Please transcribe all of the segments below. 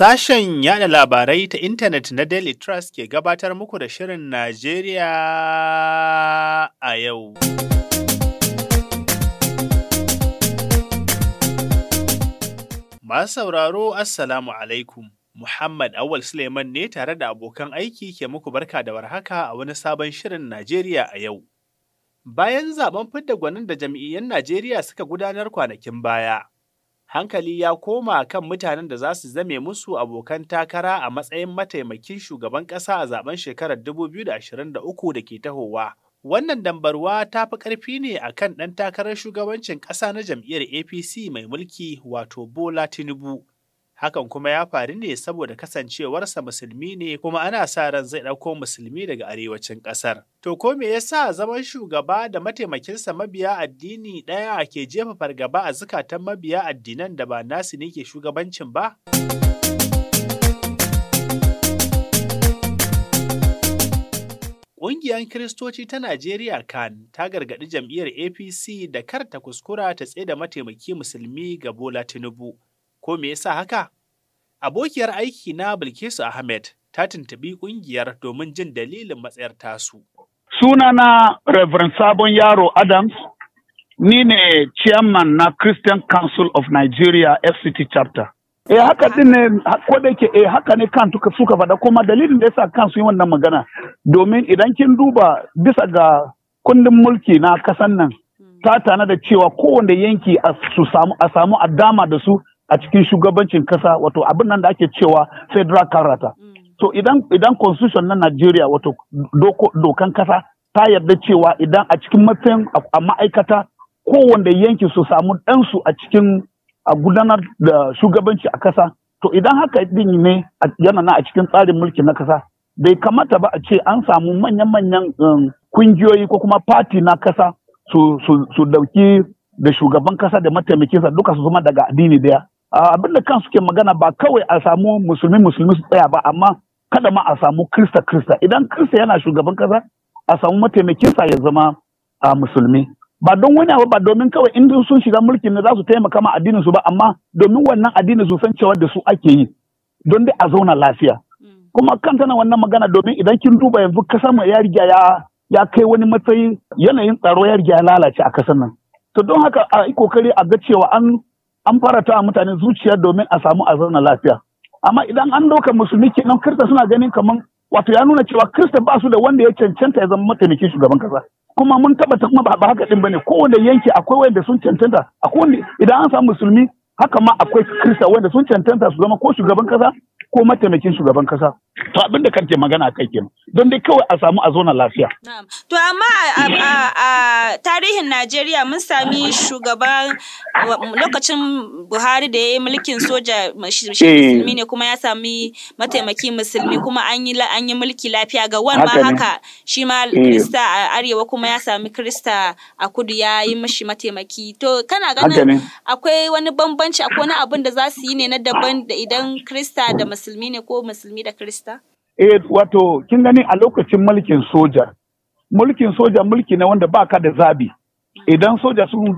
Sashen yada labarai ta intanet na Daily Trust ke gabatar muku da Shirin Najeriya a yau. Masu sauraro, Assalamu alaikum. Muhammad Awal Suleiman ne tare da abokan aiki ke muku barka da warhaka a wani sabon Shirin Najeriya a yau. Bayan zaben fidda gwanin da jam’iyyar Najeriya suka gudanar kwanakin baya. hankali ya koma kan mutanen da za su zame musu abokan takara a matsayin mataimakin shugaban ƙasa a zaben shekarar 2023 da ke tahowa. Wannan dambarwa ta fi ƙarfi ne a kan ɗan takarar shugabancin ƙasa na jam'iyyar APC mai mulki wato Bola Tinubu, Hakan kuma ya faru ne saboda kasancewarsa musulmi ne kuma ana sa ran zai ɗauko musulmi daga arewacin ƙasar. To ko me yasa zaman shugaba da mataimakinsa mabiya addini ɗaya ke jefa fargaba a zukatan mabiya addinan da ba nasu ne ke shugabancin ba? Ƙungiyar Kiristoci ta Najeriya kan ta gargaɗi jam'iyyar APC da kar ta kuskura ta tsaye da mataimaki musulmi ga Bola Tinubu. Ko me yasa haka? Abokiyar aiki na Bilkisu Ahmed ta tuntubi ƙungiyar domin jin dalilin matsayar tasu. Sunana Reverend Sabon Yaro Adams, ni ne chairman na Christian Council of Nigeria FCT chapter. E haka din ne ko da yake e haka ne kan suka faɗa kuma dalilin da yasa kan su yi wannan magana domin idan kin duba bisa ga kundin mulki na kasan nan ta tana da cewa kowanne yanki a samu a da su a cikin shugabancin kasa wato abin nan da ake cewa federal character mm. so idan idan constitution na Najeriya wato dokan kasa ta yarda cewa idan a cikin matsayin a ma'aikata kowanne yanki su samu ɗansu a cikin a gudanar da shugabanci a kasa to idan haka din ne yana na a cikin tsarin mulki na kasa bai kamata ba a ce an samu manyan-manyan um, kungiyoyi ko kuma fati na kasa su dauki da shugaban kasa da mataimakinsa duka su zama daga addini daya Ah, abin da kansu ke magana ba kawai a samu musulmi musulmi su tsaya ba amma kada ma a samu krista krista idan krista yana shugaban kasa a samu mataimakin sa ya zama a musulmi ba don wani abu ba domin kawai in sun shiga mulkin ne za su taimaka ma addinin su ba amma domin wannan addinin su san cewa da su ake yi don dai a zauna lafiya mm. kuma kan tana wannan magana domin idan kin duba yanzu kasa mu ya riga ya ya kai wani matsayi yanayin tsaro ya riga ya lalace a kasar nan to don haka a yi kokari a ga cewa an an fara ta mutane zuciya domin a samu a zauna lafiya amma idan an doka musulmi kenan kirista suna ganin kaman wato ya nuna cewa kirista ba su da wanda ya cancanta ya zama mataimakin shugaban kasa kuma mun tabbata kuma ba haka din bane kowanne yanki akwai wanda sun cancanta akwai idan an samu musulmi haka ma akwai kirista wanda sun cancanta su zama ko shugaban kasa ko mataimakin shugaban kasa to abin da kake magana kai kenan don dai kawai a samu a zona lafiya to amma a tarihin Najeriya mun sami shugaban lokacin Buhari da ya yi mulkin soja shi eh. musulmi ne kuma ya sami mataimaki musulmi kuma an yi an yi mulki lafiya ga wan ma haka shi ma eh. Krista a arewa kuma ya sami Krista a kudu ya yi mishi mataimaki to kana ganin akwai wani bambanci akwai wani abin da za su yi ne na daban da idan Krista da musulmi ne ko musulmi da Krista eh wato kin gani a lokacin mulkin soja mulkin soja mulki ne wanda baka da zabi idan soja su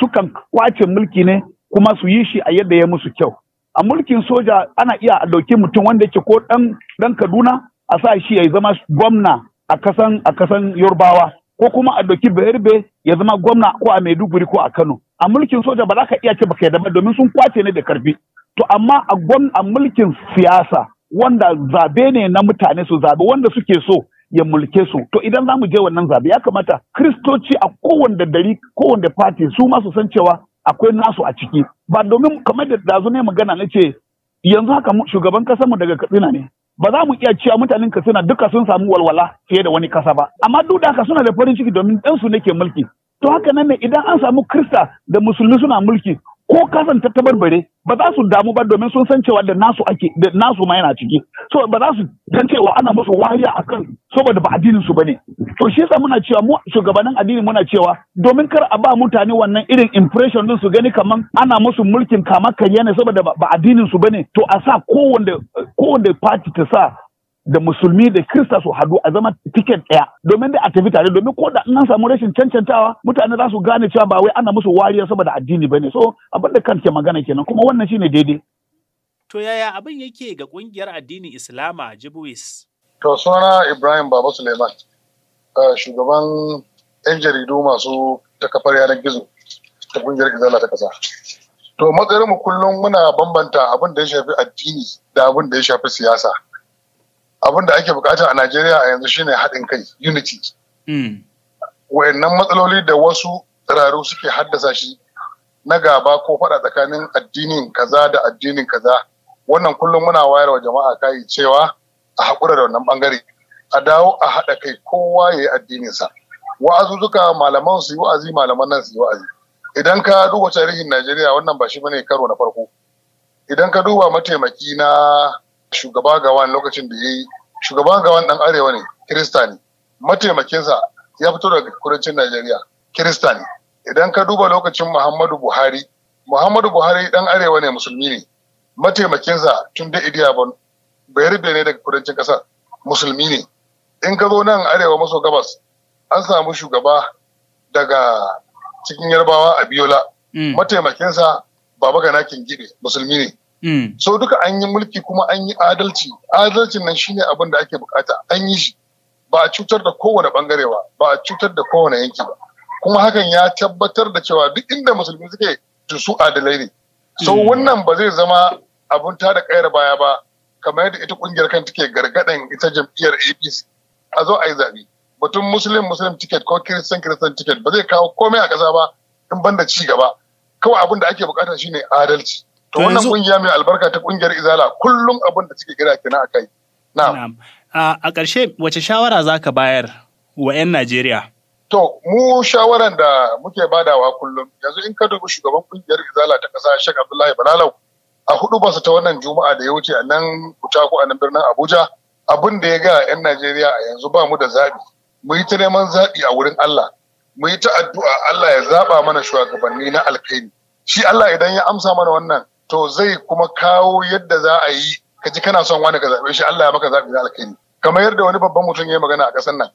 sukan kwace mulki ne kuma su yi shi a yadda ya musu kyau a mulkin soja ana iya a ɗauki mutum wanda yake ko ɗan dan Kaduna a sa shi ya zama gwamna a kasan a kasan Yorbawa ko kuma a ɗauki Bayerbe ya zama gwamna ko a Maiduguri ko a Kano a mulkin soja ba za ka iya ce baka yadda ba domin sun kwace ne da karfi to amma a gwam a mulkin siyasa wanda zabe ne na mutane su zabe wanda suke so ya mulke su to idan za mu je wannan zabe ya kamata kristoci a kowanne dari kowanne fati su ma su san cewa akwai nasu a ciki ba domin kamar da dazu ne magana na ce yanzu haka shugaban kasar mu daga katsina ne ba za mu iya cewa mutanen katsina duka sun samu walwala fiye da wani kasa ba amma duk da haka suna da farin ciki domin ɗansu ne ke mulki to haka nan ne idan an samu krista da musulmi suna mulki ko kasanta ta barbare ba za su damu ba domin sun san cewa da nasu ake da nasu ma yana ciki so ba za su san cewa ana musu wariya akan saboda ba addinin su bane to shi yasa muna cewa mu shugabannin addini muna cewa domin kar a ba mutane wannan irin impression din su gani kaman ana musu mulkin kama karya ne saboda ba addinin su bane to a sa kowanne kowanne party ta sa da musulmi da kirista su hadu a zama tiket ɗaya domin da a tafi tare domin ko da an samu rashin cancantawa mutane za su gane cewa ba wai ana musu wariya saboda addini bane so abin da kan ke magana kenan kuma wannan shine daidai to yaya abin yake ga kungiyar addinin islama jibwis to suna ibrahim baba suleiman shugaban yan jaridu masu ta kafar yanar gizo ta kungiyar izala ta kasa to matsayin mu kullum muna bambanta abin da ya shafi addini da abin da ya shafi siyasa abin da ake bukata a Najeriya a yanzu shine haɗin kai unity. Hmm. Wayannan matsaloli da wasu tsiraru suke haddasa shi na gaba ko faɗa tsakanin addinin kaza da addinin kaza wannan kullum muna wayar wa jama'a kai cewa a haƙura da wannan ɓangare a dawo a haɗa kai kowa ya yi addininsa wa'azuzzuka malaman su yi wa'azi malaman nan su yi wa'azi idan ka duba tarihin Najeriya wannan ba shi bane karo na farko idan ka duba mataimaki na shugaba ga wani lokacin da ya yi shugaban gaban dan arewa ne kirista ne mataimakinsa ya fito daga kudancin najeriya kirista ne idan ka duba lokacin muhammadu buhari muhammadu buhari dan arewa ne musulmi ne mataimakinsa tun da bai rube ne daga kudancin kasar musulmi ne in ka zo nan arewa maso gabas an samu shugaba daga cikin yarbawa a biola mm. mataimakinsa baba ganakin gibe musulmi ne Mm. So duka an yi mulki kuma an yi adalci. Adalcin nan shine abin da ake bukata. An yi shi. Ba a cutar da kowane bangare ba, ba a cutar da kowane yanki ba. Kuma hakan ya tabbatar da cewa duk inda musulmi suke to su adalai ne. So mm. wannan ba zai zama abun ta da kayar baya ba kamar yadda ita kungiyar kan take gargadan ita jam'iyyar APC. A zo a yi zaɓe. Batun Muslim Muslim ticket ko Christian Christian ticket ba zai kawo komai a ƙasa ba in banda ci gaba. Kawai abin da ake bukata shine adalci. to wannan kungiya mai albarka ta kungiyar izala kullum abin da suke kira kenan a kai na'am a ƙarshe wace shawara za ka bayar wa 'yan najeriya to mu shawaran da muke badawa kullum yanzu in ka dubi shugaban kungiyar izala ta ƙasa shek abdullahi balalau a hudu basa ta wannan juma'a da ya wuce a nan kutaku a nan birnin abuja abin da ya ga 'yan najeriya a yanzu ba mu da zaɓi mu yi ta neman zaɓi a wurin allah mu yi ta addu'a allah ya zaɓa mana shugabanni na alkhairi shi allah idan ya amsa mana wannan to zai kuma kawo yadda za a yi ka ji kana son wani ka zaɓe shi Allah ya maka zaɓi na alkhairi kamar yadda wani babban mutum ya magana a ƙasar nan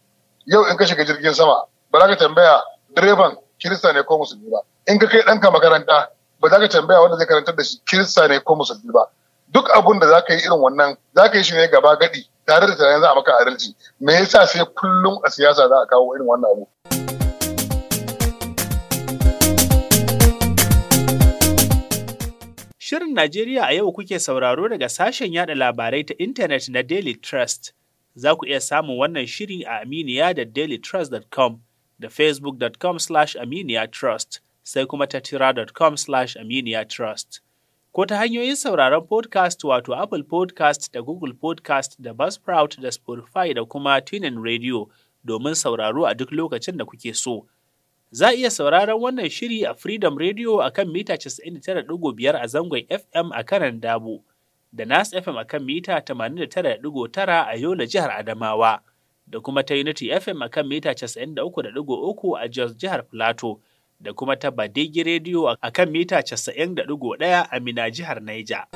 yau in ka shiga jirgin sama ba za ka tambaya direban kirista ne ko musulmi ba in ka kai ɗanka makaranta ba za ka tambaya wanda zai karantar da shi kirista ne ko musulmi ba duk abun da za ka yi irin wannan za ka yi shi ne gaba gadi tare da tunanin za a maka adalci me yasa sai kullum a siyasa za a kawo irin wannan abu. Shirin Najeriya a yau kuke sauraro daga sashen yada labarai ta intanet na Daily Trust. Za ku iya samun wannan shiri a Aminiya da dailytrust.com da facebook.com slash trust sai kuma ta tira.com slash aminiya trust Ko ta hanyoyin sauraron podcast wato Apple podcast da Google podcast da Buzzsprout da Spotify da kuma Tunin Radio domin sauraro a duk lokacin da kuke so. Za a iya sauraron wannan shiri a Freedom Radio a kan mita 99.5 a zangon FM a kanan Dabo, da Nas FM a kan mita 89.9 a Yola jihar Adamawa, da kuma ta Unity FM a kan mita 93.3 a Jos jihar Plateau, da kuma ta Badegi Radio a kan mita 90.1 a Mina jihar Niger.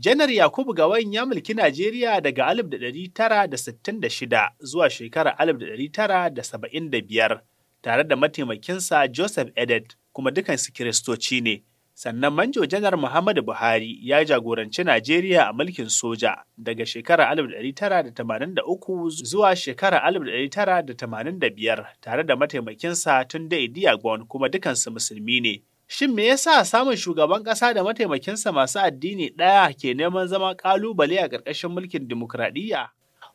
Janar Yakubu Gawan ya mulki Najeriya daga 1966 zuwa shekarar 1975 tare da mataimakinsa Joseph Edet kuma dukansu Kiristoci ne. Sannan Manjo Janar Muhammadu Buhari ya jagoranci Najeriya a mulkin soja daga shekarar 1983 zuwa shekarar 1985 tare da mataimakinsa Tunde Diagbon kuma dukansu musulmi ne. Shin me yasa samun shugaban ƙasa da mataimakinsa masu addini ɗaya ke neman zama ƙalubale a ƙarƙashin mulkin dimokuraɗiyya?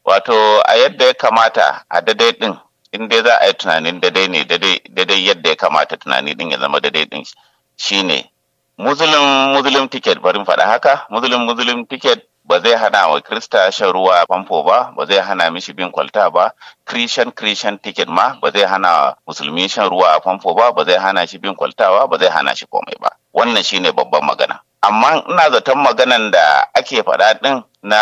Wato a yadda ya kamata a daidai ɗin in dai za a yi tunanin daidai ne daidai yadda ya kamata tunani ɗin ya zama daidai ɗin shine Muslim Muslim ticket bari faɗa haka Muslim Muslim ticket ba zai hana wa krista shan ruwa a famfo ba ba zai hana mishi bin kwalta ba christian christian ticket ma ba zai hana musulmi shan ruwa a famfo ba ba zai hana shi bin kwalta ba ba zai hana shi komai ba wannan shine babban magana amma ina zaton maganan da ake faɗa ɗin na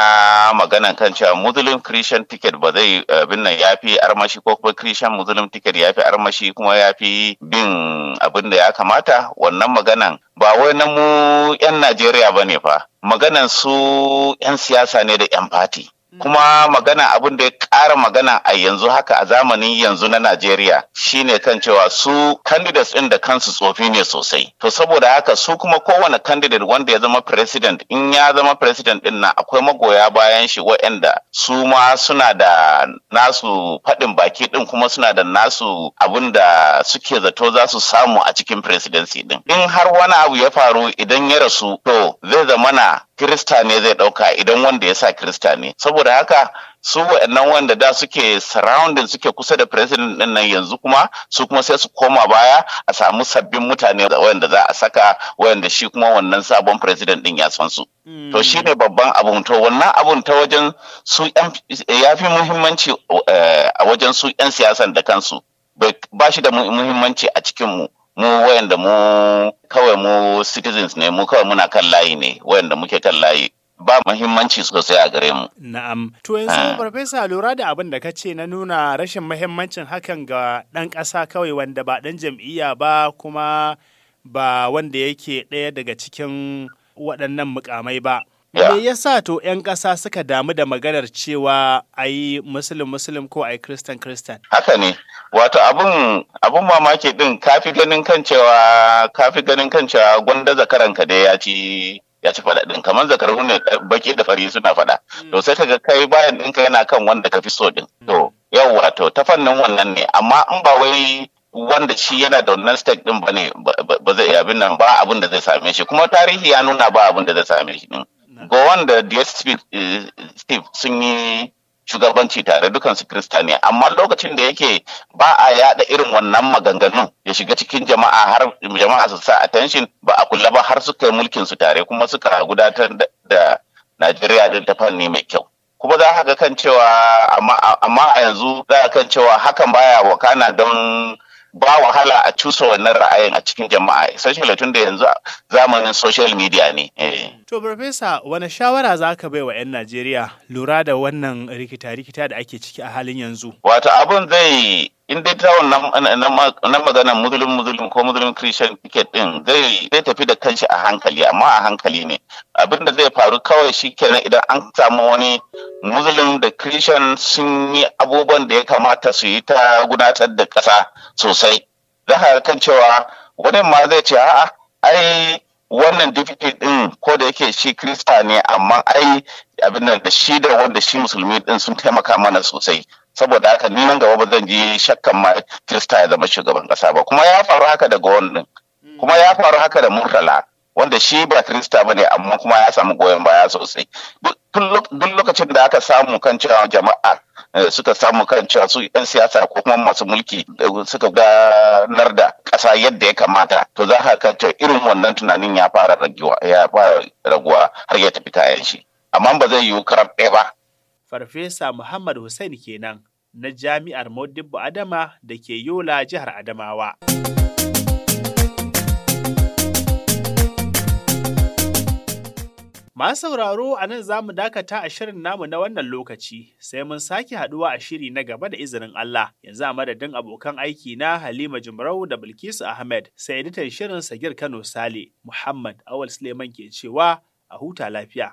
maganan kan cewa muslim christian ticket ba zai bin nan ya fi armashi ko kuma christian muslim ticket ya fi armashi kuma ya fi bin abin da ya kamata wannan maganan ba wai na mu 'yan najeriya ba ne fa maganan su 'yan siyasa ne da 'yan fati kuma magana abin da ya ƙara magana a yanzu haka a zamanin yanzu na Najeriya shine kan cewa su candidates ɗin da kansu tsofi ne sosai to saboda haka su kuma kowane candidate wanda ya zama president in ya zama president ɗin nan akwai magoya bayan shi wayanda su ma suna da nasu faɗin baki ɗin kuma suna da nasu abin da suke zato za su samu a cikin presidency ɗin in har wani abu ya faru idan ya rasu to zai zamana kirista ne zai ɗauka idan wanda ya sa kirista ne saboda haka su waɗannan wanda da suke surrounding suke kusa da president ɗin nan yanzu kuma su kuma sai su koma baya a samu sabbin mutane wanda za a saka wanda shi kuma wannan sabon president ɗin ya san su to hmm. shi ne babban abun to wannan abun ta wajen su ya fi muhimmanci eh, a wajen su 'yan siyasan da kansu ba shi da muhimmanci a cikin mu mu wayanda mu kawai mu citizens ne mu kawai muna kan layi ne wayanda muke kan layi ba muhimmanci sosai a gare mu. Na'am. To yanzu ah. farfesa lura da abin da ka ce na nuna rashin muhimmancin hakan ga ɗan ƙasa kawai wanda ba ɗan jam'iyya ba kuma ba wanda yake ɗaya daga cikin waɗannan mukamai ba. Me yasa to 'yan ƙasa suka damu da maganar cewa a yi musulun-musulun ko a yi kristan-kristan? Haka ne, wato abin mamaki din kafi ganin kan cewa kafi ganin kan cewa gwanda ka dai ya ci ya ci faɗaɗin kamar zakar ne eh, baki da fari suna faɗa mm. to sai kaga kai bayan ɗinka yana kan wanda ka fi so ɗin mm. to yawwa to ta fannin wannan ne amma in ba wai wanda shi yana da wannan stake ɗin ba ne ba zai abin nan ba abin da zai same shi kuma tarihi ya nuna ba abin da zai same shi ɗin Gowon da DSTV Steve sun yi shugabanci tare dukansu Kirista ne, amma lokacin da yake ba a yada irin wannan maganganun ya shiga cikin jama'a har jama'a su sa attention ba a kula ba har suka yi mulkin su tare kuma suka gudatar da Najeriya din ta fanni mai kyau. kuma za ka kan cewa amma a yanzu za ka kan cewa hakan baya wakana don ba wahala a cusa wannan ra'ayin a cikin jama'a especially tun da yanzu zamanin social media ne. Eh. To Farfesa wani shawara za ka bai wa 'yan Najeriya lura da wannan rikita-rikita da ake ciki a halin yanzu? Wato abin zai in dai ta na maganar muslim ko muslim christian ticket din zai tafi da kanshi a hankali amma a hankali ne abin da zai faru kawai shi kenan idan an samu wani muslim da christian sun yi abubuwan da ya kamata su yi ta gudanar da kasa sosai za ka kan cewa wani ma zai ce a'a ai wannan dipiti din ko da yake shi krista ne amma ai abin da shi da wanda shi musulmi din sun taimaka mana sosai saboda haka ni nan gaba ba zan ji shakkan ma Kirista ya zama shugaban kasa ba kuma ya faru haka da Gowon kuma ya faru haka da Murtala wanda shi ba Kirista ba ne amma kuma ya samu goyon baya sosai duk lokacin da aka samu kan cewa jama'a eh, suka samu kan cewa su 'yan siyasa ko kuma masu mulki eh, suka ganar da ƙasa yadda ya kamata to za ka kan irin wannan tunanin ya fara raguwa har ya tafi kayan shi amma ba zai yiwu karar ɗaya ba Farfesa Muhammad Hussein kenan na Jami'ar Modibbo Adama da ke Yola jihar Adamawa. Masu sauraro a nan za mu dakata a shirin namu na wannan lokaci sai mun sake haduwa a shiri na gaba da izinin Allah yanzu a madadin abokan aiki na Halima Jumrau da Bilkisu Ahmed sai editan shirin Sagir Kano Sale Muhammad Awal Suleiman ke cewa a huta lafiya.